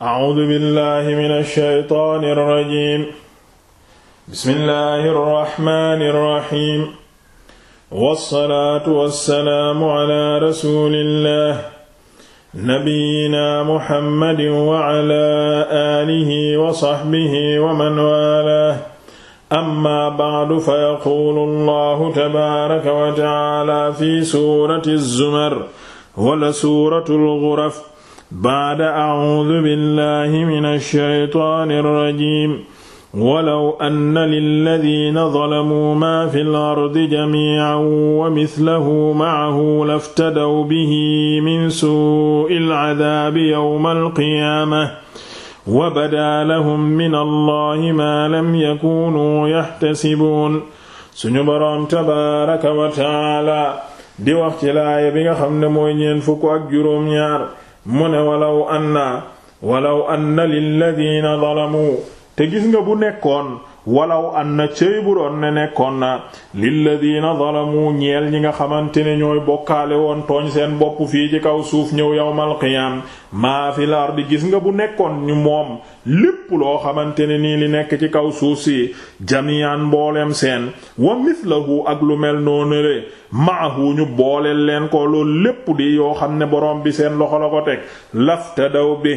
A'uuzu billaahi mina shaytaani rajiim. Bismillaahi rahmaani rahiim. Wassalaatu wassalaamu alaa rasuulillaahi nabiyyinaa Muhammadin wa alaa aalihi wa sahbihi wa man waalaah. Ammaa ba'du fayaquulu Allaahu tabaaraka wa ta'aalaa fi suurati az-Zumar wala suuratul Ghuraf baada acuudu billahi min alshaytaani alrajim walaw anna lilladina dalamuu maa fi lardi jamiican wa mislahu macahu laftadaw bihi min suu'i alcadaabi yowma alqiyaama wa badaa lahum min allahi maa lam yakunuu yaxtasibuun suñu boroom tabaaraka wa tacaala di wax ci laaya bi nga xam ne mooy ñeen fukk ak juróom ñaar mu ne walaw anna walaw anna lilladina zalamu te gis nga bu nekkoon walaw anna cëy bu doon ne nekkoon na lilladina zalamu ñeel ñi nga xamante ne ñooy bokkaale woon tooñ seen bopp fii ci kaw suuf ñëw yawmal qiyaam maa fil ardi gis nga bu nekkoon ñu moom lépp loo xamante ne nii li nekk ci kaw suuf si jamian mbooleem seen wa mithlahu ak lu mel noonu le maahu ñu booleel leen ko loolu lépp di yoo xam ne boroom bi seen loxo la ko teg laftadaw bi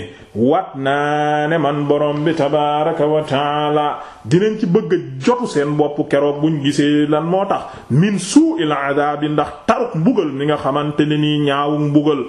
wat naa ne man borom bi tabaaraka wa taala dinañ ci bëgg a jotu seen boppu keroog buñ gisee lan moo tax min su'il adabi ndax taruk mbugal mi nga xamante ne nii ñaawuk mbugal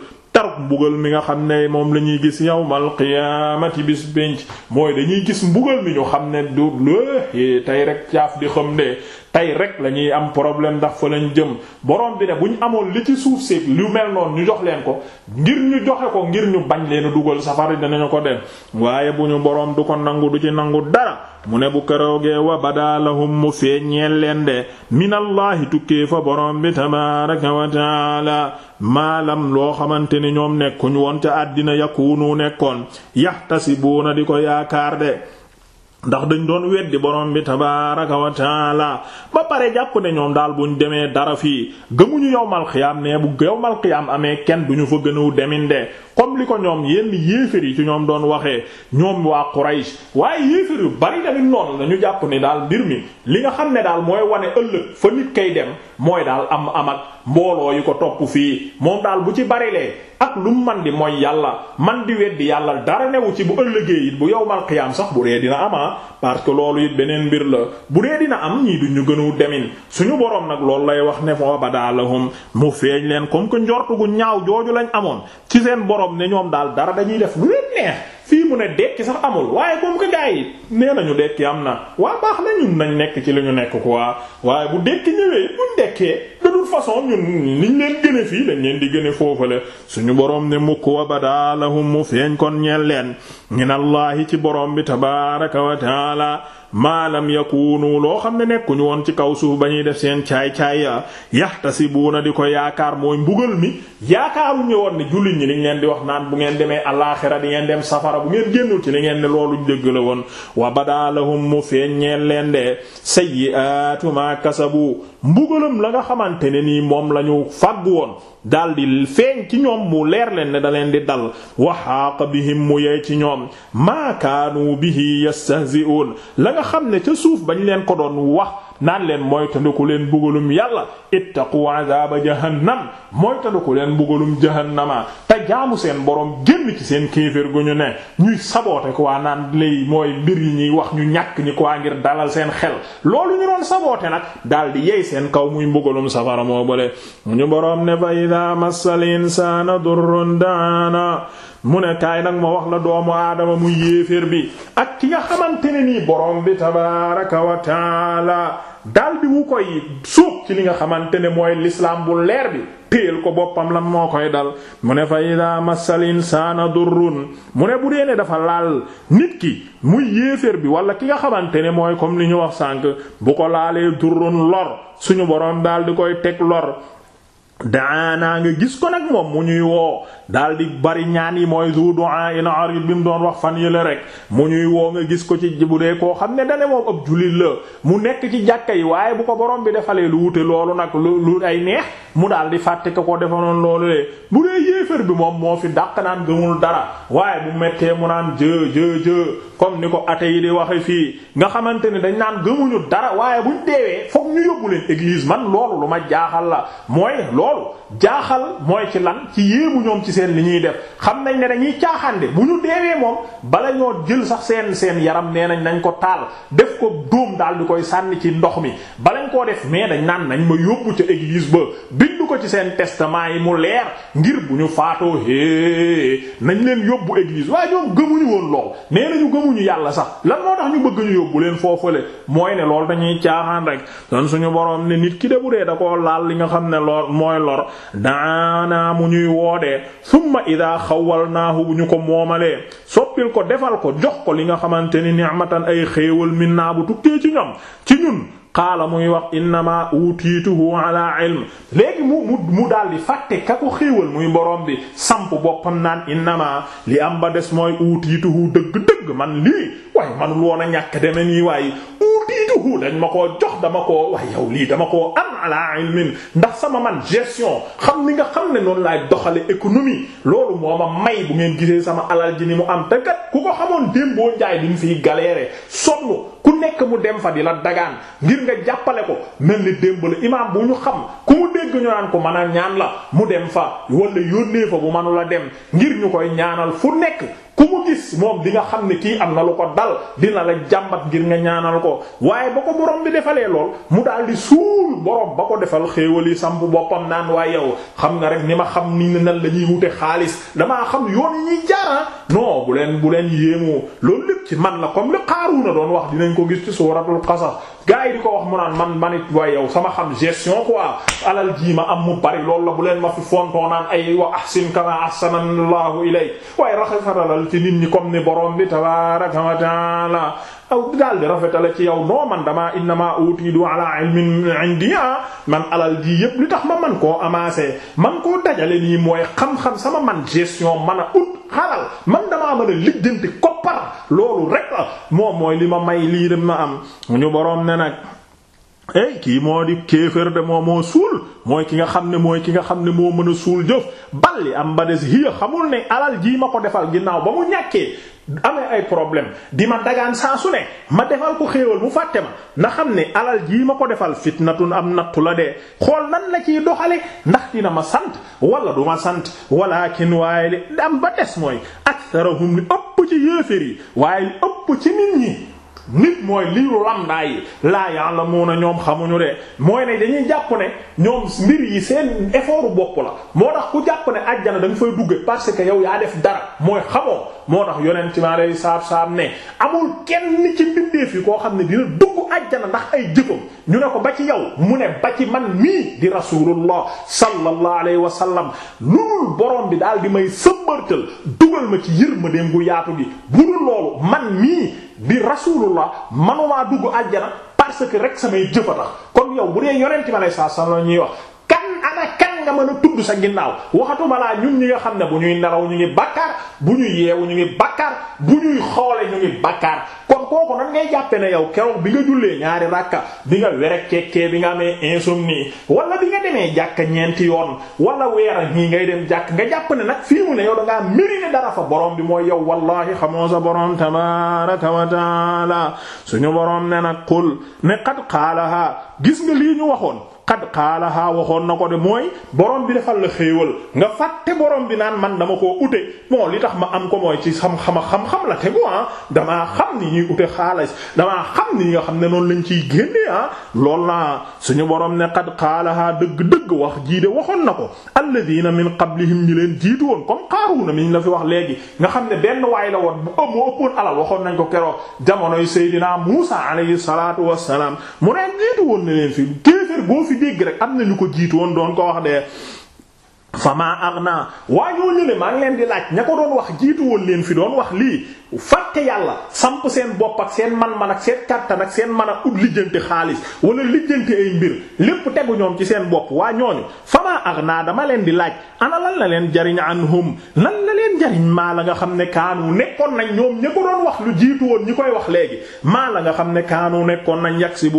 keroog mbugal mi nga xam ne moom la ñuy gis yawmal qiyaamati bis benc mooy dañuy gis mbugal mi ñu xam ne du lée eh, tey rek caaf di xam de tey rek la ñuy am problème ndax fa lañ jëm borom bi ne bu amoon li ci suuf seeg lu mel noonu ñu jox leen ko ngir ñu joxe ko ngir ñu bañ leen dugal safari dinañu ko dem waaye bu ñu borom du ko nangu du ci nangu dara mu ne bu keroogee wa badaalahum mu feeñ ñeel leen de minallaahi tukkee fa borom bi tabaaraka wa taala maalam loo xamante ni ñoom nekkuñ woon ca àddina yakunu nekkoon yaxtasibuuna di ko yaakaar de ndax dañu doon weddi borom bi tabaaraka wa taala ba pare jàpp ne ñoom daal bu ñu demee dara fii gëmuñu yowmal xiyaam ne bu yowmal xiyaam amee kenn du ñu fa gënu deminde comme li ko ñoom yenn yéeféer yi ci ñoom doon waxee ñoom waa Quraysh waaye yéeféer yu bari tamit noonu la ñu jàpp ne daal mbir mi li nga xam ne daal mooy wane ëllëg fa nit kay dem mooy daal am am mbooloo yi ko topp fii moom daal bu ci barilee ak lu mu man di mooy yàlla man di weddi yàlla dara newu ci bu ëllëgee it bu yowmal qiyaam sax bu dee dina ama ah. parce que loolu it beneen mbir la bu dee dina am ñii du ñu gënu demin suñu boroom nag loolu lay wax ne daal fa badalahum mu feeñ leen comme que njort gu ñaaw jooju lañ amoon ci seen boroom ne ñoom daal dara dañuy def lu leen neex fii mu ne dekki sax amul waaye comme que gars yi nee nañu dekki am na waa na ñun nekk ci li ñu nekk façon ñun niñ leen gëne fii dañ leen di gëne foofale suñu boroom ne mukk wa badaalahum mu feeñ kon ñeel leen min allahi ci boroom bi tabaaraka wa maalam yakunu loo xam ne nekkuñu woon ci kaw suuf ba ñuy def seen caay-caay ya yahtasibuuna di ko yaakaar mooy mbugal mi yaakaaruñu woon ne jullit ñi liñ leen di wax naan bu ngeen demee alaaxira di ngeen dem safara bu ngeen génnul ci li ngeen ne loolu dëgg la woon wa badaalahum mu feeññeen leen de sayyi'aatu maa kasabu mbugalam la nga xamante ne nii moom lañu fàgg woon daldi feeñ ci ñoom mu leer leen ne da leen di dal wa haaqa bihim mu yee ci ñoom maa kaanu bihi yastahzi'uun xam ne ca suuf ba ñu leen ko doon wax naan leen moytandiku leen mbugalum yàlla ittaqu azaba jahannam moytandiku leen mbugalum jahannama te jaamu seen boroom génn ci seen kéeféer gu ñu ne ñuy saboote quoi naan lay mooy mbir yi ñuy wax ñu ñàkk ñi quoi ngir dalal seen xel loolu ñu doon saboote nag daal di yey seen kaw muy mbugalum safara moo bale ñu boroom ne fa ida massal insana durrun daana mu ne kaay nag ma wax la doomu aadama muy yéeféer bi ak ki nga xamante nii borom bi tabaaraka daldi wu koy suub ci li nga xamante ne mooy lislaam bu leer bi téel ko boppam lan moo koy dal mu ne fa saliin massal insaana durrun mu ne bu dee ne dafa laal nit ki muy yéeféer bi wala ki nga xamante ne mooy comme li ñu wax sànk bu ko laalee durrun lor suñu boroom di koy teg lor daana nga gis ko nag moom mu ñuy woo daal di bari ñaan yi mooy zu du'a ina arid bi mu doon wax fan yële rek mu ñuy woo nga gis ko ci bu dee koo xam ne dane moom ab jullit la mu nekk ci jàkka yi waaye bu ko borom bi defalee lu wute loolu nag lu lu ay neex mu daal di fàtte ko ko defanoon loolu lee bu dee yéefar bi moom moo fi dàq naan gëmul dara waaye bu mettee mu naan jë jë jë comme ni ko athée yi di waxe fii nga xamante ne dañ naan gëmuñu dara waaye buñ deewee fokk ñu lu ma jaaxal la mooy loolu jaaxal mooy ci lan ci yéemu ñoom ci seen li ñuy def xam nañ ne dañuy caaxaande bu ñu deewee moom bala ñoo jël sax seen seen yaram nee nañ nañ ko taal def ko dóom daal di koy sànni ci ndox mi balañ koo def mais dañ naan nañ ma yóbbu ca église ba bindu ko ci seen testament yi mu leer ngir bu ñu faatoo hé nañ leen yóbbu église waaye ñoom gëmuñu woon lool nee nañu gëmuñu yàlla sax lan moo tax ñu bëgg ñu yóbbu leen foofale mooy ne loolu dañuy caaxaan mooy lor daana mu ñuy woode summa ida xawalnaahu bu ñu ko moomalee soppil ko defal ko jox ko li nga xamante ni ni'matan ay xéewal min bu tukkee ci ñoom ci ñun qaala muy wax innama utiituhu ala ilm léegi mu mu mu daal di fàtte ka ko xéewal muy borom bi samp boppam naan innama li am ba des mooy utiituhu dëgg-dëgg man lii waaye manul woon ñàkk deme nii waaye xamaltuhu dañ ma ko jox dama koo waaye yow lii dama ko am ala ilmin ndax sama man gestion xam ni nga xam ne noonu laay doxale économie loolu moo ma may bu ngeen gisee sama alal ji ni mu am te kat ku ko xamoon démboo njaay diñ fiy galérer sonn ku nekk mu dem fa di la dagaan ngir nga jàppale ko mel ni démb la imaam bu ñu xam ku mu dégg ñu naan ko mën a ñaan la mu dem fa wala yónnee fa bu manu la dem ngir ñu koy ñaanal fu nekk ku mu gis moom di nga xam ne kii am na lu ko dal dina la jàmbat ngir nga ñaanal ko waaye ba ko borom bi defalee lool mu daal di suul borom ba ko defal xéewal yi samp boppam naan waaye xam nga rek ni ma xam ni nan la ñuy wute xaalis damaa xam yoon yi ñuy jaara ah. non bu leen man na doon nañ ko gis ci suuratul qasas gars yi di ko wax mu naan man manit waaye yow sama xam gestion quoi alal jii ma am mu bari lool la bu leen ma fi fontoo naan ay wa ahsin kama ahsanallahu ilay waaye rafetalal ci nit ñi comme ni borom bi tabaraka wa taala aw daal di rafetale ci yow noo man dama innama utidu ala ilmin indi alal ji yépp li tax ma man koo amassé man koo dajale nii mooy xam-xam sama man gestion man a ut xalal man damaa mën a lijjanti koppar loolu rek moom mooy li ma may lii dem ma am ñu boroom ne nag ey eh, kii moo di kéefër de moo moo suul mooy ki nga xam ne mooy ki nga xam ne moo mën a suul jëf bal am ba des hiya xamul ne alal jii ma ko defal ginnaaw ba mu ñàkkee amee ay problème di ma dagaan saa su ne ma defal ko xéewal mu fàtte ma na xam ne alal jii ma ko defal fitnatun am nattu la dee xool nan la ciy doxale ndax dina ma sant wala du ma sant walakin waaye li am ba des mooy ëpp ci yéeféer yi waaye li ëpp ci nit ñi nit mooy liiru lamdaa yi laa la ya'lamuuna ñoom xamuñu de mooy ne dañuy jàpp ne ñoom mbir yi seen effort bopp la moo tax ku jàpp ne àjjana dañu nga fay dugge parce que yow yaa def dara mooy xamoo moo tax yonent ma lay saab saab ne amul kenn ci mbindeef yi koo xam ne dina dugg àjjana ndax ay jëfam ñu ne ko ba ci yow mu ne ba ci man mii di rasulullah sallallahu alayhi wa sallam loolu borom bi daal di may sëmbërtal dugal ma ci yërmandeem gu yaatu bi bu dul bi rasulullah manumaa dugg àjjana parce que rek samay kon yow bu dee yonent bi alayhi la ñuy wax mën a tudd sa ginnaaw waxatuma laa ñun ñi nga xam ne bu ñuy nelaw ñu ngi bakkaar bu ñuy yeewu ñu ngi bakkaar bu ñuy xoole ñu ngi bakkaar kon kooku nan ngay jàppe ne yow keroog bi nga jullee ñaari ràkka bi nga were kekkee bi nga amee insomnie wala bi nga demee jàkk ñeenti yoon wala weera ñii ngay dem jàkk nga jàpp ne nag fii mu ne yow da ngaa mérité dara fa borom bi mooy yow wallahi xamoo sa boroom tabaraka wa taala suñu borom ne nag qul ne qad qaalaha gis nga lii ñu xad xaalahaa waxoon na ko de mooy borom bi defal la xéewal nga fàtte borom bi naan man dama koo ute bon li tax ma am ko mooy ci xam-xama xam-xam la tegu ah dama xam ni ñuy ute xaalis damaa xam ni nga xam ne noonu lañ ciy génnee ah lool naa suñu borom ne xad xaalahaa dëgg-dëgg wax jii de waxoon na ko alladina min qablihim ñi leen jiitu woon comme Qaaruuna mi ñu la fi wax léegi nga xam ne benn waay la woon bu ëpp moo ëppoon alal waxoon nañ ko keroog jamonoy Seydina Muusa alayhi salaatu wassalaam mu neen jiitu woon na leen fi kéefër boo fi dégg rek am na ñu ko jiitu woon doon ko wax de fama aghna waa ñoo ñële maa ngi leen di laaj ña ko doon wax jiitu woon leen fi doon wax lii fàtte yàlla samp seen bopp ak seen man-man ak seen kàttan ak seen man a ut lijjanti xaalis wala lijjanti ay mbir lépp tegu ñoom ci seen bopp waa ñooñu ak naa dama leen di laaj ana lan la leen jariñ anhum lan la leen jariñ maa la nga xam ne kaanu nekkoon nañ ñoom ña doon wax lu jiitu woon ñi koy wax léegi maa la nga xam ne kaanu nekkoon nañ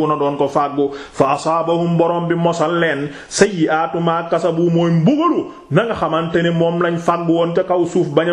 na doon ko fàggu fa asaabahum borom bi mosal leen sayyi'atu ma kasabu mooy mbugalu na nga xamante ne moom lañ fàggu ca kaw suuf bañ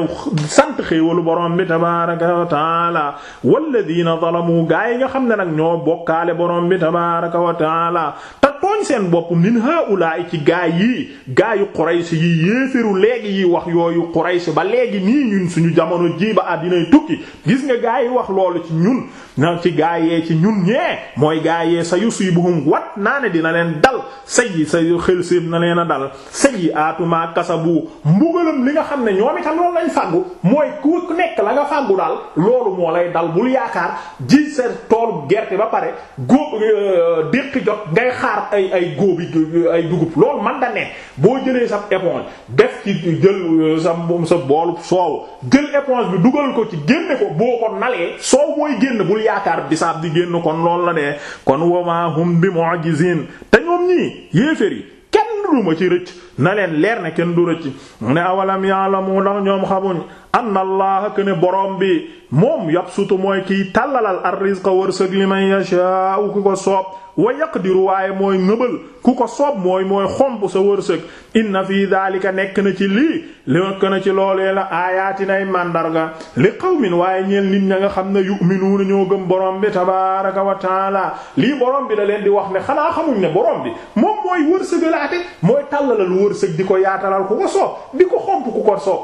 xéewalu borom bi tabaaraka wa taala walladiina zalamu gaa yi nga xam ne nag ñoo bokkaale borom bi tabaaraka wa taala tooñ seen bopp min haulaay ci gaa yii gaa yu Quraysh yi yéefiru léegi yi wax yooyu si ba léegi nii ñun suñu jamono ji ba àddinay tukki gis nga gaa wax loolu ci ñun na ci yee ci ñun ñee mooy gaayee sa yusibuhum wat naa ne dina leen dal sayyi sa xel séef na leen a dal sayyi aatuma kasabu mbugalam li nga xam ne ñoom itam loolu lañ fàggu mooy ku nekk la nga fàggu daal loolu moo lay dal bul yaakaar ji sa toolu gerte ba pare góob euh, déqi jot ngay xaar ay ay góobi ay dugub loolu man da ne boo jëlee sa éponge def ci jël euh, sa sa boolu soow jël éponge bi dugal ko ci génne ko boo ko nalee soow mooy génn bul yaakaar bisaab di génn kon lool la dee kon wama hum bi mu'jizin te ñoom ñii yéeféer yi kenn duma ci rëcc na leen leer ne kenn du rëcc ne awalam ya'lamu ndax ñoom xamuñ anna allaha ken borom bi moom yabsutu mooy kiy tàllalal ar-rizqa wërsëg li man yashaa'u ku ko soob wa yaqdiru waaye mooy ngëbal ku ko soob mooy mooy xomp sa wërsëg inna fi daalika nekk na ci lii nekk na ci loolee la aayaatinay màndarga li qawmin waaye ñeel nit ña nga xam ne yu'minuuna ñoo gëm borom bi tabaaraka wa taala lii borom bi la leen di wax ne xanaa xamuñ ne borom bi moom mooy wërsëgalaate mooy tàllalal wërsëg di ko yaatalal ku ko soob di ko xomp ku ko soob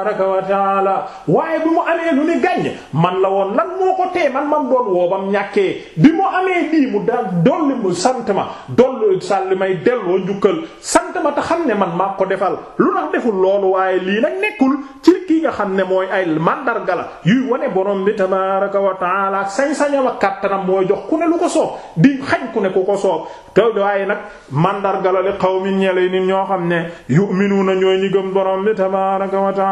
wa taala waaye bi mu amee lu ni gàññ man la woon lan moo ko tee man mam doon woobam ñàkkee bi mu amee lii mu dolli mu sant ma dolli sàlli may delloo njukkal sant ma te xam ne man maa ko defal lu tax deful loolu waaye lii nag nekkul ci kii nga xam ne mooy ay mandarga la yuy wane borom bi tabaaraka wa taala ak sañ-sañam ak kàttanam mooy jox ku ne lu ko soob di xañ ku ne ku ko soob te waaye nag mandarga la li qawmin ñele nit ñoo xam ne yu'minuna ñooy ñi gëm borom